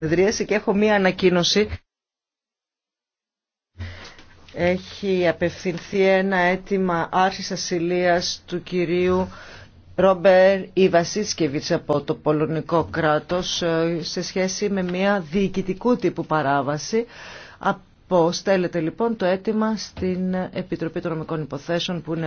συνεδρίαση και έχω μία ανακοίνωση. Έχει απευθυνθεί ένα αίτημα άρχης ασυλίας του κυρίου Ρόμπερ Ιβασίσκεβιτς από το πολωνικό κράτος ε, σε σχέση με μία διοικητικού τύπου παράβαση. Αποστέλλεται λοιπόν το αίτημα στην Επιτροπή των Νομικών Υποθέσεων που είναι